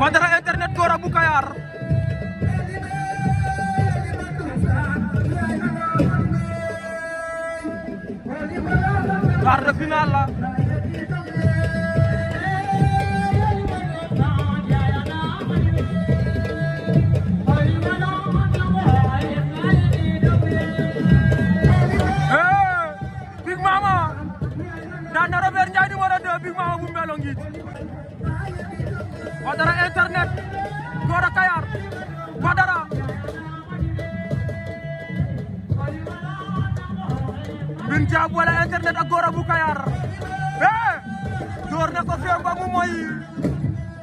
Bandara internet Gora bu Kayar quart de finale la Dana Robert Ndiaye numéro 2 Big Mama bu Mbelongit Badara internet Gora Kayar Badara Mbine Diab wala internet ak Gora bu Kayar eh door na ko fee ba moy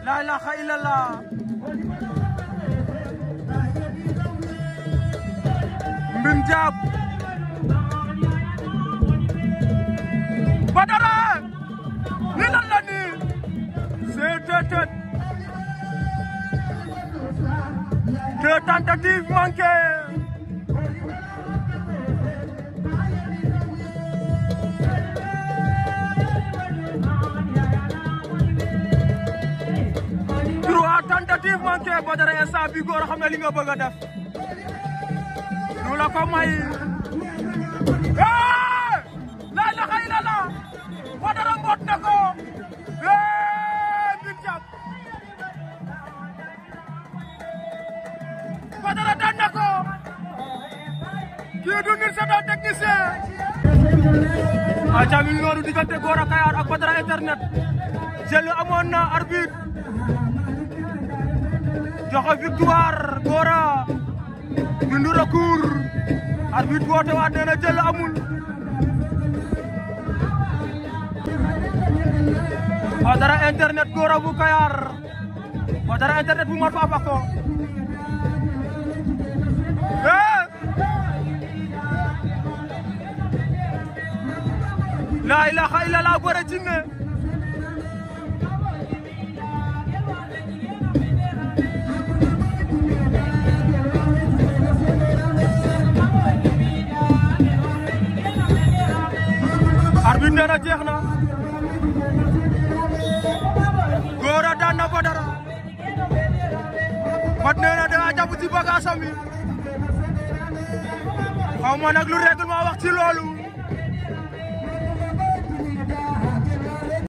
la ilaha illallah Mbine Diab la tentative manquée. trois tentative manquée Badara instant bi góor xam na li nga bëgg a def. may. Doudou Ndir c'est un technicien. aca mi ngi noonu diggante Gora Kayar ak Badara internet. jël amoon na arbitre. joxe victoire Gora. bindu recours. arbitre woote waat nee na jël amul. Badara internet Gora bu Kayar. Badara internet bu mat fa abako. laa ilaaha illallaah Goré Jinné arbitre nee na jeex na Goré daan na Badara Fat na daa jàpp ci bagage am yi nag lu règlement wax ci loolu